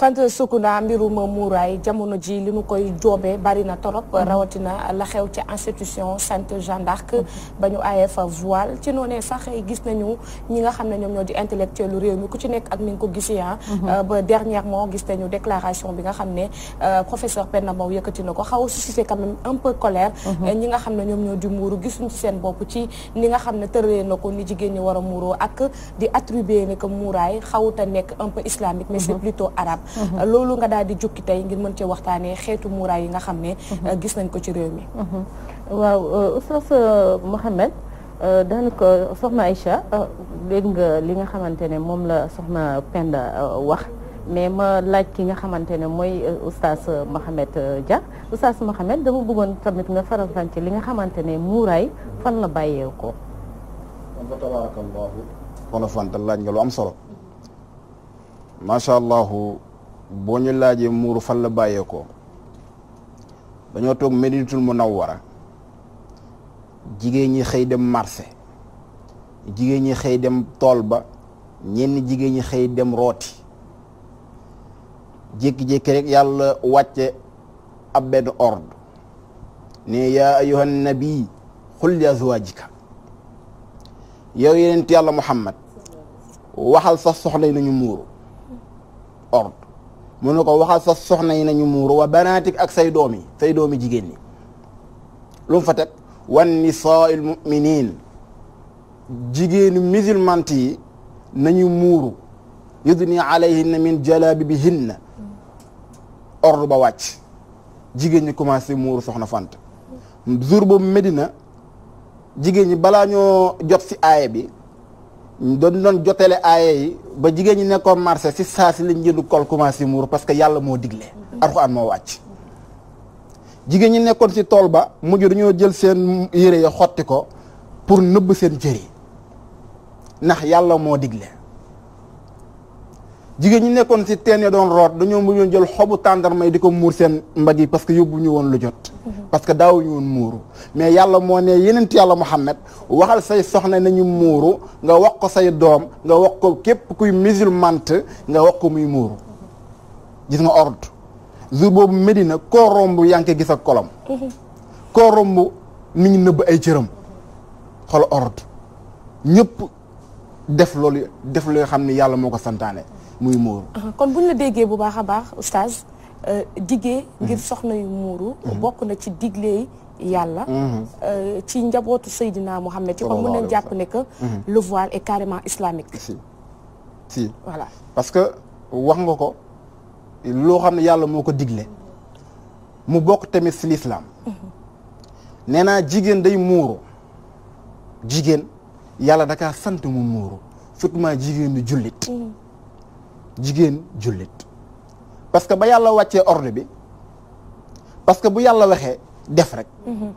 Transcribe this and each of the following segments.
Fanta Sokunda mbirum muuraay jamono ji li nu koy joobee bari na torop mhm. rawatina la xew ci institution Sainte Jeanne d'Arc mhm. ba ñu aayee fa voile ci noonee sax gis nañu ñi nga xam ne ñoom ñoo di intellectuel réew mi ku ci nekk ak ni nga ko gisee ah. mhm. euh, ba dernièrement gis nañu déclaration bi nga xam ne euh, professeur Penda Mbow yëkkati na ko xaw su suscité quand même un peu colère euh, ñi nga xam ne ñoom ñoo di muuru gisuñ seen bopp ci ni nga xam ne tëree na ko ni jigéen ñi war a muuroo ak di atribuer ne que muuraay xawuta nekk un peu islamique mais c'est plutôt Uh-huh. loolu nga daal di jukki tey ngir mën cee waxtaanee xeetu muuraay yi nga xam ne uh-huh. uh, gis nañ ko ci réew mi uh-huh. waaw uh, oustaz uh, Mohamed daanaka soxna Aïcha dégg nga li nga xamante ne moom la soxna Penda wax mais ma laaj ki nga xamante ne mooy oustaz Mohamed Dia oustaz Mohamed dama bëggoon tamit nga faramfàcce li nga xamante ne muuraay fan la bàyyee ko kon fa tabarakallahu laaj nga lu am solo macha allahu boo ñu laajee muuru fan la bàyyeekoo dañoo toog Medinatul Munawwara jigéen ñi xëy dem marché jigéen ñi xëy dem tool ba ñenn jigéen ñi xëy dem rooti jékki-jékki rek yàlla wàcce ab benn ordre ne yaa ayyuhan nabi xul li azwaajika yow yeneen yàlla Muhammad waxal sax soxna yi nañu muuru ordre mu ne ko waxal sa soxna yi nañu muuru wa banaatik ak say doom yi say doomi jigéen ñi lu mu fa teg wan nisaa il muminin jigéenu musulmante yi nañu muuru yudni alayhinna min jalabibihinna ordre ba wàcc jigéen ñi commencé muuru soxna fant jour boobu Medina jigéen ñi balaa ñoo jot si aaya bi doon doon jotele aaye yi ba jigéen ñi nekkoon marché si saa si lañ jëndu kol commencé muur parce que yàlla moo digle an moo wàcc jigéen ñi nekkoon si tool ba mujj dañoo jël seen yére ya xotti ko pour nëbb seen cër yi ndax yàlla moo digle jigéen ñu nekkoon si teen ya doon root dañoo mujjoon jël xobu tàndarma yi di ko muur seen mbagg yi parce que yóbbu ñu woon lu jot mhm. parce que daawuñu woon muuru mais yàlla moo ne yenent yàlla Muhammad waxal say soxna nañu muuru nga wax ko say doom nga wax ko képp kuy musulmante nga wax ko muy muuru gis nga ordre jour boobu Medina koo romb yaa ngi koy gis ak kolom mhm. koo romb mi ngi nëbb ay cëram xool ordre ñëpp def loolu def loo xam ne yàlla moo ko santaane muy muuru. kon bu ñu la déggee bu baax a baax oustaz euh, diggee mhm. ngir soxna yu mhm. muuru. bokk na ci digle yàlla. Mhm. Euh, ci njabootu Seydina Mohamed ci kon mën nañ jàpp ne que. le voile carrément islamique. voilà parce que wax nga ko loo xam ne yàlla moo ko digle mu bokk tamit si lislaam jigéen day muuru jigéen yàlla da kaa sant mu muuru surtout jigéen du jullit. jigéen jullit parce que ba yàlla wàccee ordre bi parce que bu yàlla waxee def rek mhm.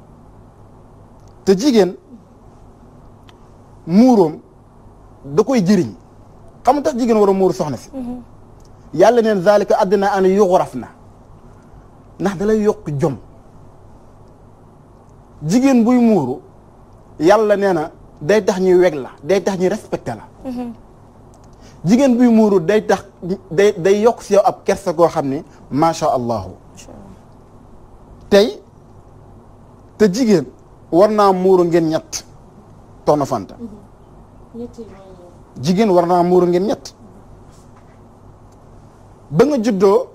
te jigéen muuroom da koy jëriñ xam tax jigéen war a muur soxna si mhm. yàlla neen zalika addina an raf na ndax da lay yokk jom jigéen buy muuru yàlla nee na day tax ñuy weg la day tax ñuy respecté la mhm. jigéen buy muuru day tax day day yokk si yow ab kersa goo xam ne macha allah tey te jigéen war naa muuru ngeen ñett Soxna Fanta jigéen war naa muuru ngeen ñett ba nga juddoo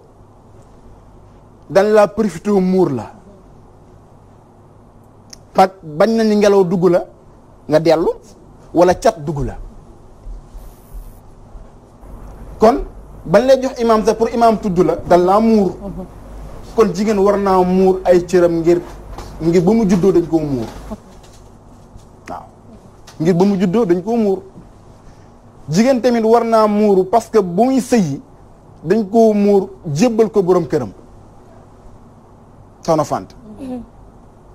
dañ laa profité muur la parce bañ na ni ngelaw dugg la nga dellu wala cat dugg la kon bañ lay jox imaam sax pour imaam tudd la dal laa muur mhm. kon jigéen war naa muur ay cëram ngir ngir ba mu juddoo dañ koo muur waaw mu juddoo dañ koo muur jigéen tamit war naa muuru parce que bu muy sëyi dañ koo muur jébbal ko boroom këram soxna mhm.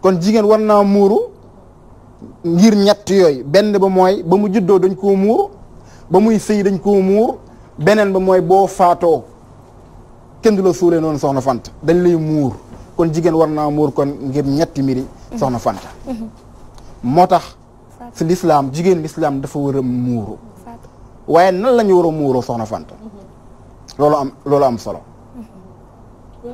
kon jigéen war naa muuru ngir ñett yooyu benn ba mooy ba mu juddoo dañ koo muur ba muy sëyi dañ koo muur beneen ba mooy boo faatoo kenn du la suulee noonu soxna fant dañ lay muur kon jigéen war naa muur kon ngir ñetti mbiri soxna Fanta moo tax si lislaam jigéen lislaam dafa war a muuru waaye nan la ñu war a muuroo soxna fant loolu am solo euh,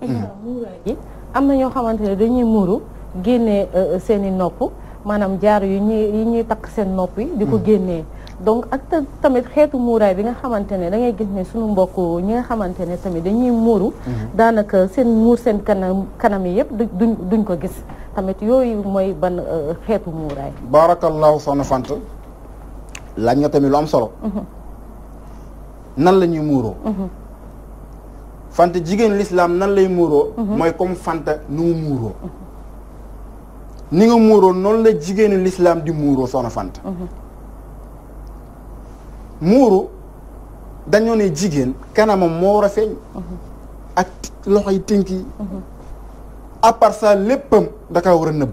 mhm. am na ñoo xamante ne dañuy muuru génne euh, euh, seen nopp. maanaam jaaro yu ñuy yi ñuy takk seen nopp yi di ko mm. génnee donc ak tamit xeetu muuraay bi nga xamante ne da ngay gis ne suñu mbokk ñi nga xamante ne tamit dañuy muuru mm-hmm. daanaka seen muur seen kanam kanam yi yëpp duñ duñ ko gis tamit yooyu mooy ban euh, xeetu muuraay baarakallaahu soxna Fanta laaj nga tamit lu am solo mm-hmm. nan la ñuy muuroo mm-hmm. Fanta jigéen lislaam nan lay muuroo mooy comme Fanta nu muuroo ni nga muuroo noonu la jigéenu lislaam di muuroo soxna Fanta. Mhm. muuru dañoo ne jigéen kanamam moo war a feeñ. Mhm. ak loxo yi tënk yi. Mhm. à part léppam da war a nëbb.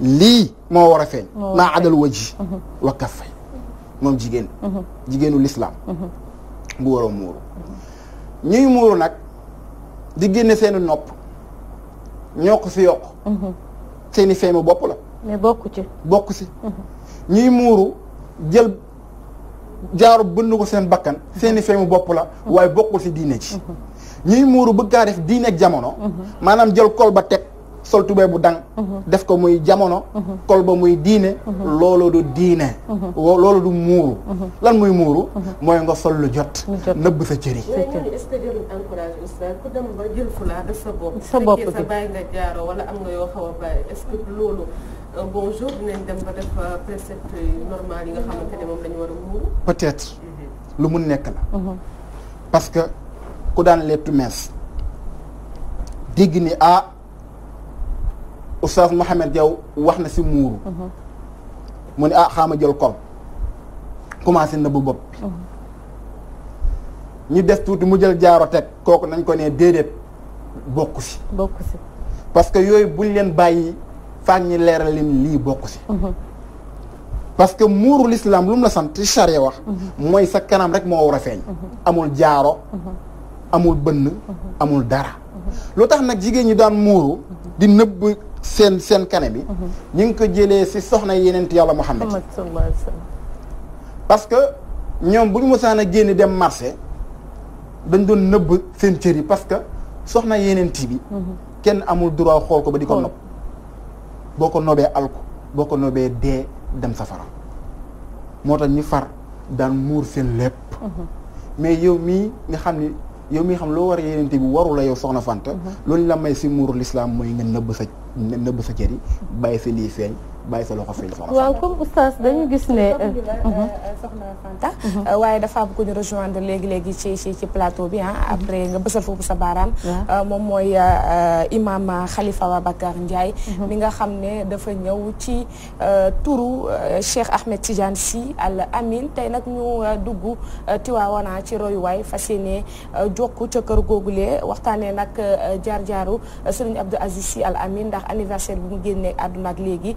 lii moo war a feeñ. maa adal waji wa kaffay moom jigéen. jigéenu lislaam bu war a muuru. ñuy muuru nag di génne seeni nopp ñoo ko yokk. seeni feemu bopp la. mais bokku ci. bokk si. Mhm. ñuy muuru jël jaaru bënn ko seen bakkan mhm. seeni feemu bopp la mhm. waaye bokkul si diine ji. ñuy muuru bëgg kaa def diine ak jamono. maanaam jël kol sol tubéy bu dang mhm. def ko muy jamono mhm. kol ba muy diine mhm. loolu du diine loolu du muuru lan muy muuru mooy nga sol lu jot nëbb sa cër yi sa bopp bi bàyyi nga jaaroo wala am nga yoo xaw a bàyyi est-ce que loolu euh, bonjour dinañ dem ba def euh, précepte normal yi nga xamante ne moom lañu war a muuru peut lu mun nekk la parce que ku daan lettu mees dégg ni ah oustaz Mouhamed Diaw wax na si muuru mhm. mu ne ah xaama jël kol commencé na bu bopp mhm. ñu def tuuti mu jël jaaro teg kooku nañ ko ne déedéet bokk si bokk parce que yooyu buñ leen bàyyi faag ñi leeral leen lii bokk si mhm. parce que muuru l'islam lu mu la sant ci charia mooy sa kanam rek moo war a feeñ amul jaaro amul bënn amul dara lu tax nag jigéen ñi daan muuru di nëbb seen seen kane bi mhm. ñu ngi ko jëlee si soxna yeneen yàlla Muhammad parce que ñoom bu ñu mosaan a génn dem marché dañ doon nëbb seen cër yi parce que soxna yeneen bi mhm. kenn amul droit xool ko ba di ko nopp boo ko nobee alku boo ko nobee dee dem safara moo tax ñu far daan muur seen lépp mhm. mais yow mii nga xam ni yow mii xam loo war a yeneen bi waru la yow soxna Fanta. Mhm. loolu la may si muuru lislaam mooy nga nëbb sa nëbb sa cër yi bàyyi sa lii feeñ. bàyyi sa loxo feeñ waaw comme oustaz dañu gis ne euh, mhm. euh, euh, waaye dafa am ku ñu rejoindre léegi léegi ci ci ci plateau bi ah après nga bësal foofu sa baaraam moom mooy xalifa wa Ababacar Ndiaye mhm. mi nga xam ne dafa ñëw ci turu Cheikh Ahmed Tidiane Sy Al Amin tey nag ñu dugg Tiwaawana ci royuwaay fas yéene jokk ca kër googulee waxtaanee nag jaar jaaru Serigne Abdou Aziz Sy Al Amin ndax anniversaire bu mu génnee àdduna ak léegi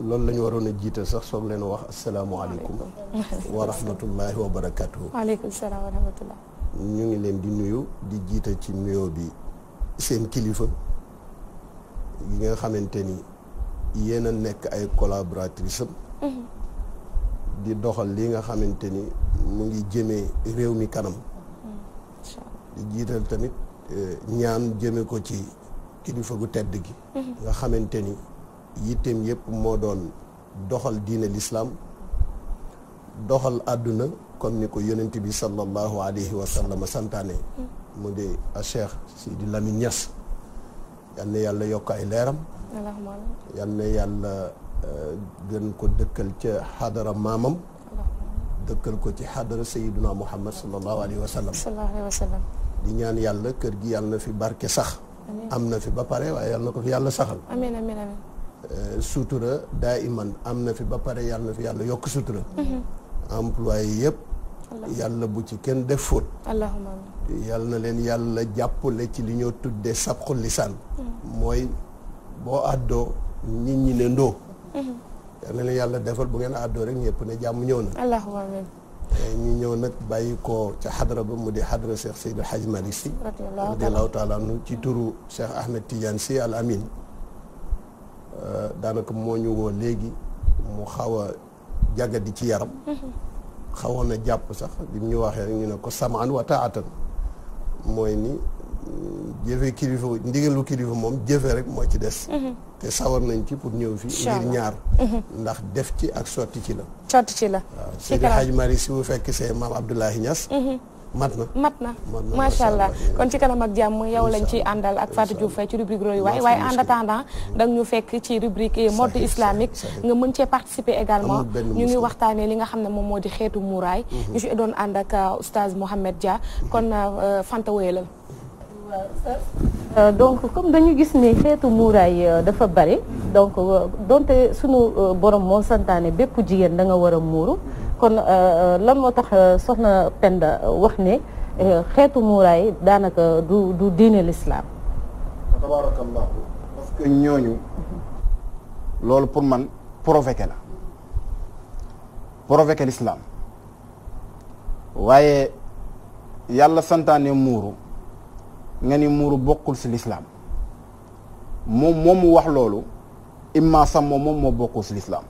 loolu la ñu waroon a jiital sax soog leen wax asalaamualeykum wa rahmatullahi wa barakatuhu waaleykum salaam ñu ngi leen di nuyu di jiital ci nuyoo bi seen kilifa yi nga xamante ni yéen a nekk ay collaboratrice am mm-hmm. di doxal li nga xamante ni mu ngi jëmee réew mi kanam mm-hmm. di jiital tamit eh, ñaan jëme ko ci kilifa gu tedd gi mm-hmm. nga xamante ni yitteem yëpp moo doon doxal diine lislaam doxal àdduna kon ni ko yonent bi sallallahu alayhi wa sallam santaane mu di a si Sidi Lamine Niass yàlla yokk ay leeram yal na yàlla eh, gën ko dëkkal ca xadara maamam dëkkal ko ci xadara sayiduna muhammad sallallahu alayhi wa di ñaan yàlla kër gi yàlla na fi barke sax am na fi ba pare waaye yàlla na ko fi yàlla saxal Euh, sutura daa iman am na fi ba pare yàlla na fi yàlla yokk sutura mhm. employé yëpp yàlla bu ci kenn def fóot allahumma yàlla na leen yàlla jàppale ci li ñoo tuddee sabxu lisaan mhm. mooy boo àddoo nit ñi ne ndoo mhm. yàlla defal bu ngeen àddoo rek ñëpp ne jàmm ñëw na allahumma amiin eh, ñu ñëw nag bàyyi ko ca xadra ba mu di xadra Cheikh Seydil Hadj Malick Sy radiallahu taala anhu ci turu Cheikh Ahmed Tidiane Sy al Amin Euh, daanaka moo ñu woo léegi mu xaw a jagadi ci yaram. Mm-hmm. xawoon na jàpp sax bi mu ñu waxee rek ñu ne ko samaan wa taatan mooy ni mm, jëfe kilifa ndigalu kilifa moom jëfe rek moo ci des. Mm-hmm. te sawar nañ ci pour ñëw fi. ngir ñaar. Mm-hmm. ndax def ci ak sotti ci la. sotti ci la. waaw Seydi Hadj Mari si bu fekk see maam Abdoulahi Niass. mat na mat na macha allah kon ci kanam ak jàmm yow lañ ci àndal ak Fatou Diouf Faye ci rubrique royu waay waaye en attendant da ñu fekk ci rubrique mode islamique nga mën cee participer également ñu ngi waxtaanee li nga xam ne moom moo di xeetu muuraay mhm. ñu fi doon ànd ak euh, oustaz Mohamed Dia kon euh, Fanta wéyalal euh, donc comme dañu gis ni xeetu muuraay dafa bare donc donte sunu borom moo santaane bépp jigéen da nga war a muuru kon euh, euh, lan moo tax euh, soxna Penda wax ne xeetu muuraay daanaka du du diine l'islam. tabarakallah ñooñu. loolu pour man provoqué la provoqué l'islam waaye yàlla santaane muuru nga ni muuru bokkul ci l'islam moom moom mu wax loolu imma sax moom moo bokkul ci l'islam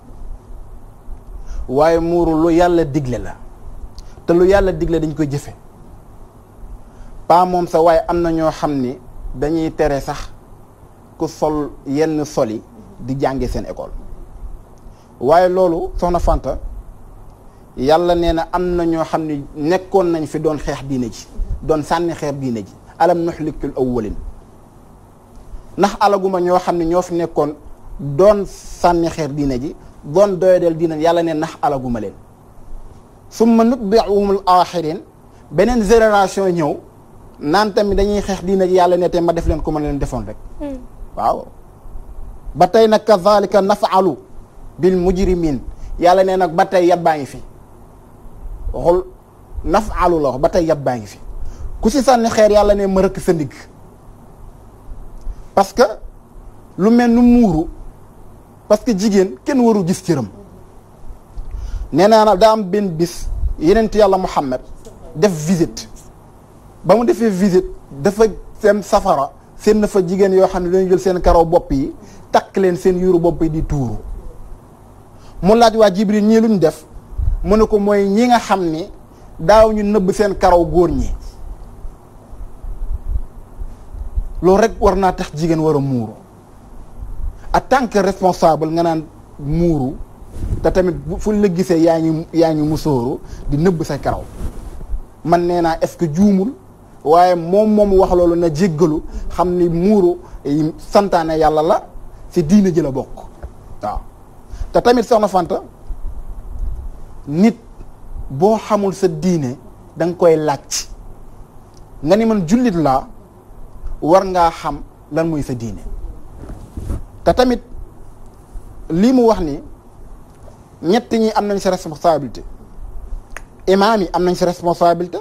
waaye muuru lu yàlla digle la te lu yàlla digle dañ koy jëfe paa moom sa waaye am na ñoo xam ni dañuy tere sax ku sol yenn sol yi di jànge seen école waaye loolu soxna Fanta yàlla nee na am na ñoo xam ni nekkoon nañ fi doon xeex diine ji doon sànni xeex diine ji alam nuxlikul awwalin ndax alaguma ñoo xam ne ñoo fi nekkoon doon sànni xeex diine ji doon doyadeel diine yàlla ne nax alaguma leen summa nutbi'uhumul aaxirin beneen génération ñëw naan tamit dañuy xeex diine yàlla ne te ma def leen ko ma leen defoon rek hmm. waaw ba tey nag kazalika nafaalu bil mujrimin yàlla ne nag ba tey yat baa ngi fi waxul nafaalu la ba tey yat baa ngi fi ku ci sànni xeer yàlla ne ma rëkk sa ndigg parce que lu mel nu muuru parce que jigéen kenn waru gis cëram nee naa daa am benn bis yenent yàlla Muhammad def visite ba mu defee visite dafa seen safara seen na fa jigéen yoo xam ne dañu jël seen karaw bopp yi takk leen seen bopp yi di tuuru mu laaj waa Jibril ñii def mu ne ko mooy ñi nga xam ni daaw ñu nëbb seen karaw góor ñi loolu rek war naa tax jigéen war a muuru en tant que responsable nga naan muuru te tamit fuñ la gisee yaa ngi yaa ngi musóoru di nëbb sa karaw man nee naa est-ce que juumul waaye moom moom wax loolu na jéggalu xam ni muuru santaane yàlla la ci diine ji la bokk waaw te tamit soxna nit boo xamul sa diine danga koy laaj nga ni man jullit la war ngaa xam lan mooy sa diine te tamit lii mu wax ni ñett ñi am nañ si responsabilité imaam yi am nañ si responsabilité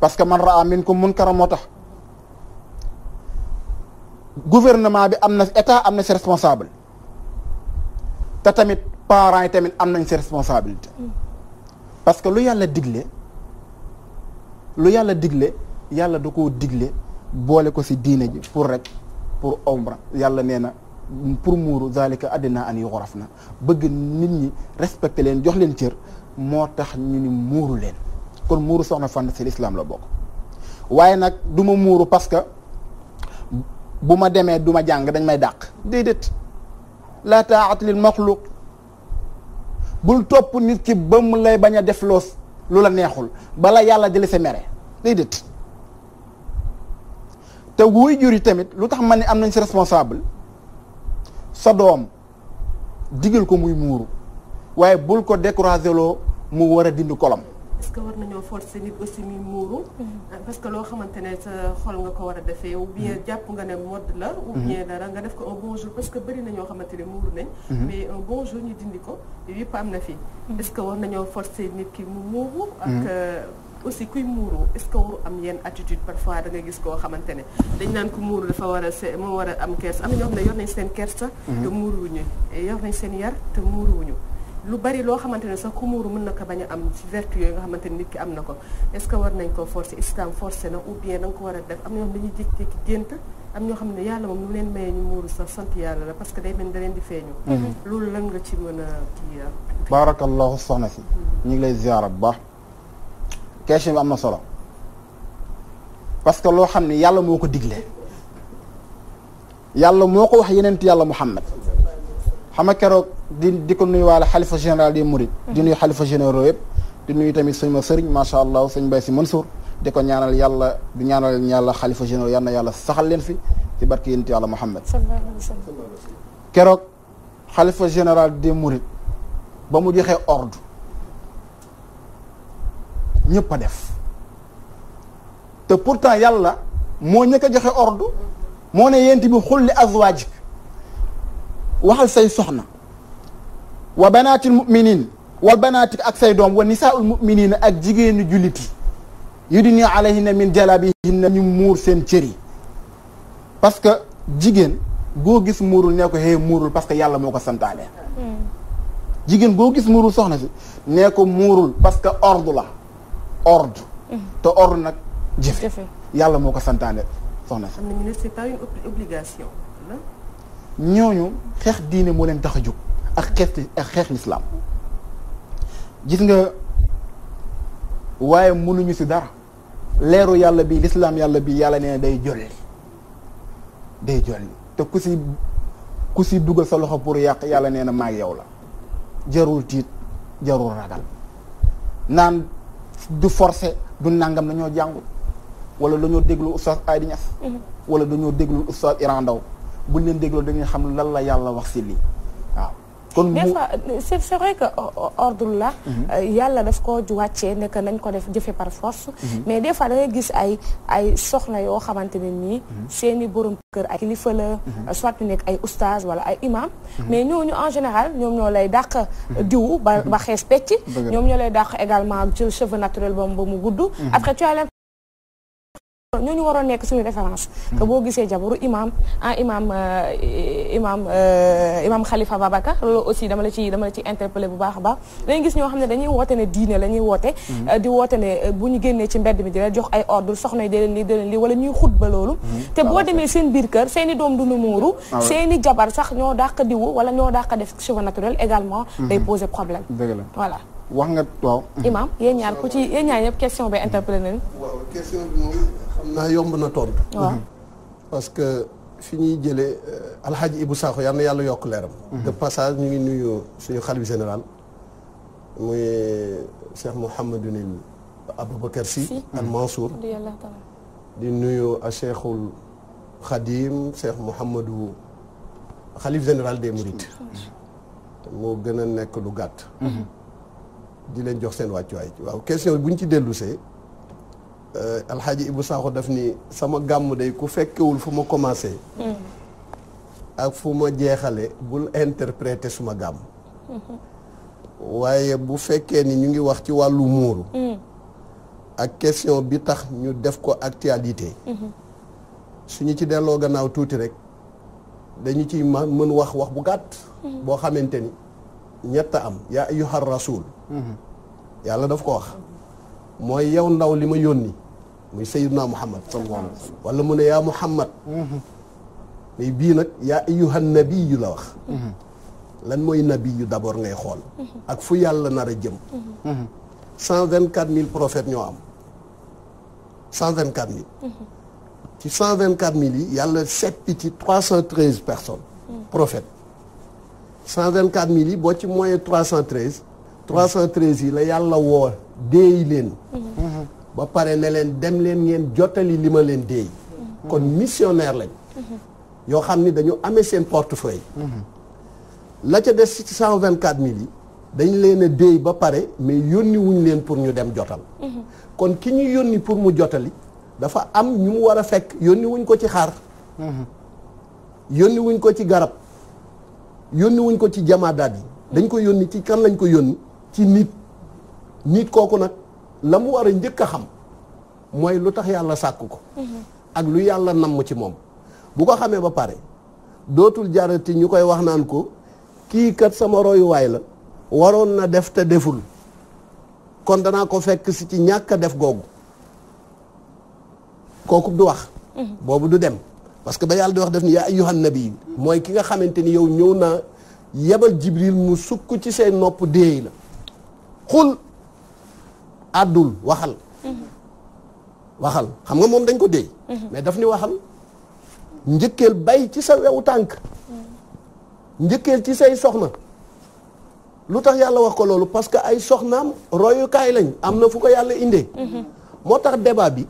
parce que man raa minkum munkaran moo tax gouvernement bi am na état am na si responsable te tamit parent yi tamit am nañ si responsabilité parce que lu yàlla digle lu yàlla digle yàlla da ko digle boole ko si diine ji pour rek pour omra yàlla nee na pour muuru zalika addinaa an yuxraf na bëgg nit ñi respecté leen jox leen cër moo tax ñu ni muuru leen kon muuru soxna Fànn si lislaam la bokk waaye nag duma muuru parce que bu ma demee du ma jàng dañ may dàq déedéet laa taa'at lil maxluq bul topp nit ki ba mu lay bañ a def loos lu la neexul bala yàlla di la sa mere déedéet te wuy jur yi tamit lu tax ma ni am nañ si responsable sa doom digal ko muy muuru waaye bul ko découragé loo mu war a dindi kolam. est-ce que war nañoo forcer nit aussi muy muuru. Mm-hmm. parce que loo xamante ne sa xol nga ko war a defee. ou bien mm-hmm. jàpp nga ne mode la. ou mm-hmm. bien dara nga def ko un bon jour parce que bari na ñoo xamante ne muuru nañ. mais un bon ñu dindi ko yëpp am na fi. est que war nañoo forcer nit ki mu muuru. ak. Euh, aussi kuy muuru est-ce que waru am yenn attitude parfois da nga gis koo xamante ne dañ naan ko muuru dafa war a se moo a am kersa am na ñoo xam ne seen kersa mhm. te muuruwuñu yor nañ lu bari loo xamante ne sax ku muuru mën na ko bañ am ci vertu nga xamante ne nit am na ko est-ce que war nañ koo forcer islam forcé na ou bien da nga ko war a def am ne yàlla moom lu leen mayee ñu muuru sa sant yàlla la parce que day mel da leen di feeñu mhm. loolu lan nga ci mën a kii euh, baarakallahu soxna si hmm. ñu ngi lay ziyaara bu baax question bi am na solo parce que loo xam ne yàlla moo ko digle yàlla moo ko wax yeneen ti yàlla Muhammad xam nga keroog di di ko nuyuwaale xalifa général des Mourides. di nuyu xalifa généraux yëpp. di nuyu tamit suñu ma sëriñ macha allah mbay si Mansour di ko ñaanal yàlla di ñaanal yàlla xalifa généraux yal yàlla saxal leen fi ci barke yeneen yàlla Muhammad keroog xalifa général des Mourides ba mu joxe ordre. ñëpp a def te pourtant yàlla moo ñëkk joxe ordre moo ne yent bi xulli azwaajik waxal say soxna wa banaatil mu'minin wal banaatik ak say doom wa nisaaul mu'minin ak jigéenu jullit yi yudni alayhinna min jalabihinna ñu muur seen cër yi parce que jigéen boo gis muurul nee ko xëy muurul parce que yàlla moo ko santaane hmm. jigéen boo gis muurul soxna si nee ko muurul parce que ordre la ordre. Mm-hmm. te ordre nag jëfe yàlla moo ko santaane soxna si. xam nañu ne c'est pas une ñooñu xeex diine moo leen tax a jóg ak xeex ak xeex lislaam gis nga waaye mënuñu si dara leeru yàlla bi lislaam yàlla bi yàlla nee day jolli day jolli te ku si ku si dugal sa loxo pour yàq yàlla nee na maag yow la jarul tiit jarul ragal naan du forcé du nangam dañoo jàngul wala dañoo déglu oustaz Aïdi Niass mhm. dañoo déglu oustaz Iran Ndaw buñ leen dégloo dañuy xam lan la yàlla wax si lii kon des fois c'est c'est que ordre la. Mhm. Euh, yàlla def ko wàccee ne que nañ ko def jëfe par force. Mhm. mais des fois da ngay gis ay ay soxna yoo xamante ne nii. Mhm. seen i borom kër ay kilifa la. Euh, soit ñu nekk ay oustaz wala ay imam. mais ñooñu en général ñoom ñoo lay daq diw ba ba xees pecc. ñoom ñoo lay dàq également jël cheveux naturel ba mu gudd. après tu ñooñu waroon nekk suñu référence que hmm. boo gisee jabaru imam ah imam euh, imam euh, imam Khalifa Babacar loolu aussi dama la ci dama ci interpellé bu baax a baax dañuy gis ñoo xam ne dañuy woote ne diine la ñuy woote hmm. euh, di woote ne bu ñu génnee ci mbedd mi di leen jox ay ordre soxna yi di leen lii di leen lii wala ñuy xutba loolu hmm. te boo demee seen biir kër seeni doom du nu muuru ah seen i jabar sax ñoo dàq diwu wala ñoo dàq def cheveux naturel également day poser problème voilà wax nga waaw imam yéen ñaar ku ci yéen ñaar yëpp bi interpellé nañu xam naa yomb na tontu. parce que fi ñuy jëlee euh, alxaaji Ibou Sakho yal na yàlla yokk leeram. Mm-hmm. de passage ñu ngi nuyu suñu xalif général. muy euh, Cheikh Mouhamadunil Aboubacar Sy. al Mansour. di nuyu a Cheikhul Khadim Cheikh Mouhamadou xalif général des Mourides. Mm-hmm. moo gën a nekk lu gàtt. Mm-hmm. di leen jox seen wàccuwaay waaw question bu ñu ci dellusee. Euh, alxaaji Ibu Sakho def nii sama gàmm day ku fekkewul fu ma commencé mm-hmm. ak fu ma jeexale bul interpréter suma gàmm mm-hmm. waaye bu fekkee ni ñu ngi wax ci wàllu muuru mm. ak question bi tax ñu def ko actualité mm-hmm. suñu ci delloo gannaaw tuuti rek dañu ciy ma mën wax wax bu gàtt boo xamante ni ñett am yaa ayyuhar rasul yàlla daf ko wax mooy yow ndaw li ma yónni muy sayyiduna muhammad sallallahu mu ne yaa muhammad mais mhm. bii nag yaa ayyuhan nabiyu la wax mhm. lan mooy nabiyu d'abord ngay xool mhm. ak fu yàlla nar a jëm cent vingt quatre mille prophètes ñoo am cent vingt quatre mille ci cent vingt quatre mille yi yàlla seppi ci trois cent treize personnes prophètes cent vingt quatre mille yi boo ci moyen trois cent treize trois cent treize yi la yàlla woo déey leen ba pare ne leen dem leen ngeen jottali li ma leen déey kon missionnaire lañ yoo xam ni dañu amee seen portefeuille la ca des ci cent vingt quatre mille yi dañ leen a déey ba pare mais yónni leen pour ñu dem jotal kon ki ñu yónni pour mu jottali dafa am ñu mu war a fekk yónni ko ci xaar yónni wuñ ko ci garab yónni ko ci jamaadaat yi dañ ko yónni ci kan lañ ko yónni ci nit nit kooku nag la mu war a njëkk a xam mooy lu tax yàlla sàkk ko ak lu yàlla namm ci moom bu ko xamee ba pare dootul jarati ñu koy wax naan ko kii kat sama royuwaay la waroon na def te deful kon danaa ko fekk si ci ñàkk def googu kooku du wax boobu du dem parce que ba yàlla di wax def ni yaa ayyuhan nabi mooy ki nga xamante ni yow ñëw na yebal jibril mu sukk ci seen nopp déey la xul àddul waxal waxal xam nga moom dañ ko déy mais dafa ni waxal njëkkeel bay ci sa wewu tànk njëkkeel ci say soxna lu tax yàlla wax ko loolu parce que ay soxnaam royukaay lañ am na fu ko yàlla indee moo tax débat bi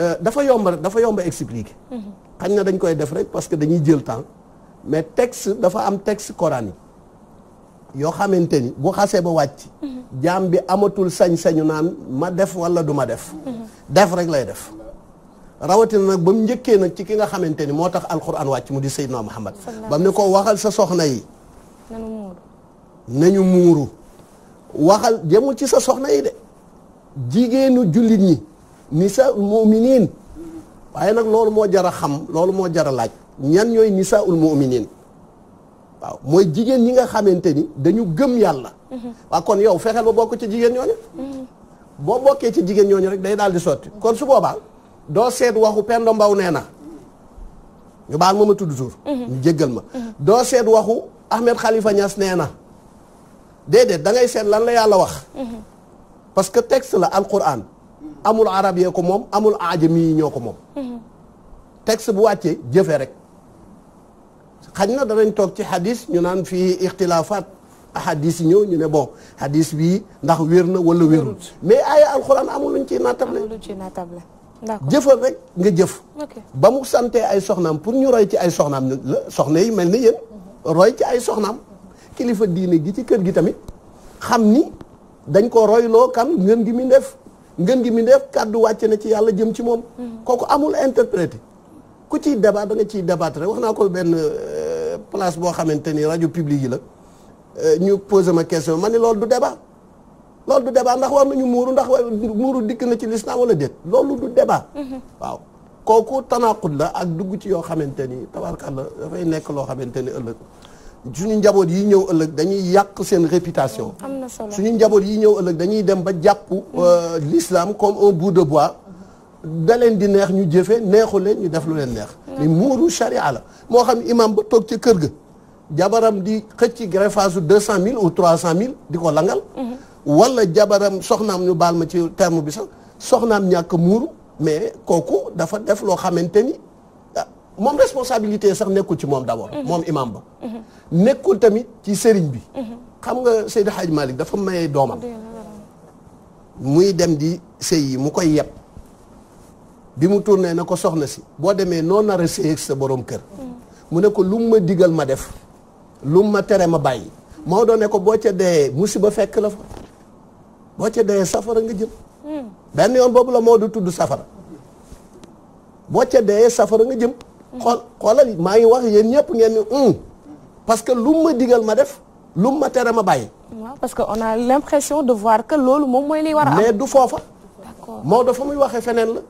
euh, dafa yomb rek dafa yomba expliquer mm-hmm. xañ na dañ koy def rek parce que dañuy jël temps mais texte dafa am texte coranique yoo xamante ni bu xasee ba wàcc. jaam bi amatul sañ-sañu naan ma def wala du ma def. def rek lay def. rawatina nag ba mu njëkkee nag ci ki nga xamante ni moo tax alxuraan wàcc mu di Seydina Muhammad ba mu ne ko waxal sa soxna yi. nañu muuru. waxal jëmul ci sa soxna yi de. jigéenu jullit ñi. nisa muminin waaye nag loolu moo jar a xam loolu moo jar a laaj. ñan ñooy nisaa ul muminin waaw mooy jigéen ñi nga xamante ni dañu gëm yàlla. waaw kon yow fexeel ba bokk ci jigéen ñooñu. boo bokkee ci jigéen ñooñu rek day daal di sotti kon su boobaa doo seet waxu Penda Mbow nee na ñu baal ma ma tudd tur. ñu jéggal ma doo seet waxu Ahmed Khalifa ñas nee na déedéet da ngay seet lan la yàlla wax. parce que texte la alquran amul arab yee ko moom amul aajami yi ñoo ko moom. texte bu wàccee jëfee rek. xañ na danañ toog ci xadis ñu naan fii ixtilaafaat ahadis yi ñëw ñu ne bon xadis bii ndax wér na wala wérul mais ay alxuraan amul luñ ciy naatable amul luñ ciy naatable jëfal rek nga jëf ba mu sante ay soxnaam pour ñu roy ci ay soxnaam la soxna yi mel ni yéen mhm. roy ci ay soxnaam kilifa diine gi ci kër gi tamit xam ni dañ ko royloo kan ngën gi mi def ngën gi mi def kàddu wàcc na ci yàlla jëm ci moom mhm. kooku amul interprété ku ci débat da ci ciy débattre rek wax naa ko benn euh, place boo xamante ni rajo publique yi la euh, ñu posé ma question ma ni loolu du débat loolu du débat ndax war nañu muuru ndax muuru dikk na ci lislaam wala déet loolu du mhm. waaw kooku tanaqut la ak dugg ci yoo xamante ni tabarkalla dafay nekk loo xamante ni ëllëg suñu njaboot yi ñëw ëllëg dañuy yàq seen réputation am na solo suñu njaboot yi ñëw ëllëg dañuy dem ba jàpp euh, lislaam comme un bout de bois da di neex ñu jëfe neexu ñu def lu leen neex mais muuru charia la moo xam imam ba toog ca kër ga jabaram di xëcc greffage deux cent mille ou trois cent mille di ko langal mhm. wala jabaram soxnaam ñu baal ma ci terme bi sax soxnaam ñàkk muuru mais kooku dafa def loo xamante ni ah, moom responsabilité sax nekkul ci moom d'abord mhm. moom imam ba mhm. nekkul tamit ci sëriñ bi xam nga Seydi Hadj Malick dafa maye doomam muy dem di sëy yi mu koy yeb bi mu tourné na ko soxna si boo demee noo nar a séy sa borom kër mu ne ko lu ma digal ma def lu ma tere ma bàyyi Maodo ne ko boo ca dee musiba fekk la boo ca dee safara nga jëm benn boobu la Maodo tudd safara boo ca dee safara nga jëm xool maa ngi wax yéen ñëpp ngeen ni parce que lu ma digal ma def lu mu ma ma bàyyi parce que on a l'impression de voir que loolu moom mooy li war a am mais du foofa moo dafa muy waxee feneen la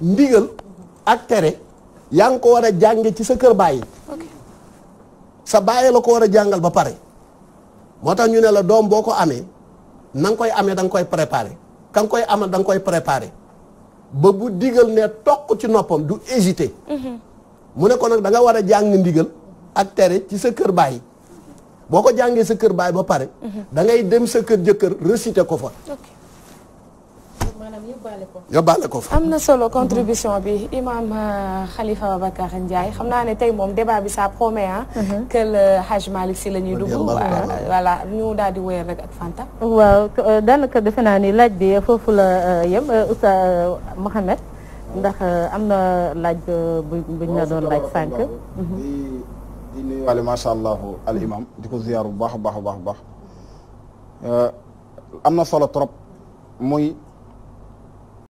ndigal ak tere yaa ngi ko war a jànge ci sa kër bàyyi sa bàyyi la ko war a jàngal ba pare moo tax ñu ne la doom boo ko amee na koy amee da nga koy préparer ka nga koy amal da nga koy préparer ba bu digal ne toq ci noppam du hésité mhm. mu ne ko nag da nga war a jàng ndigal ak tere ci sa kër bàyyi boo ko jàngee sa kër baay ba pare mhm. da ngay dem sa kër jëkkër réciter ko fa yóbbaale ko fa am na solo contribution bi imam euh, Khalifa Babacar Ndiaye xam naa ne tey moom débat bi ça promet ah. que le Hajj Malick si la ñuy dugg. voilà ñu daal di wéyal rek ak Fanta. waaw euh, daanaka defe naa ni laaj bi foofu la euh, ndax am na laaj bu buñ la doon laaj sànq. di di allah al di ko ziar bu baax a baax am na solo trop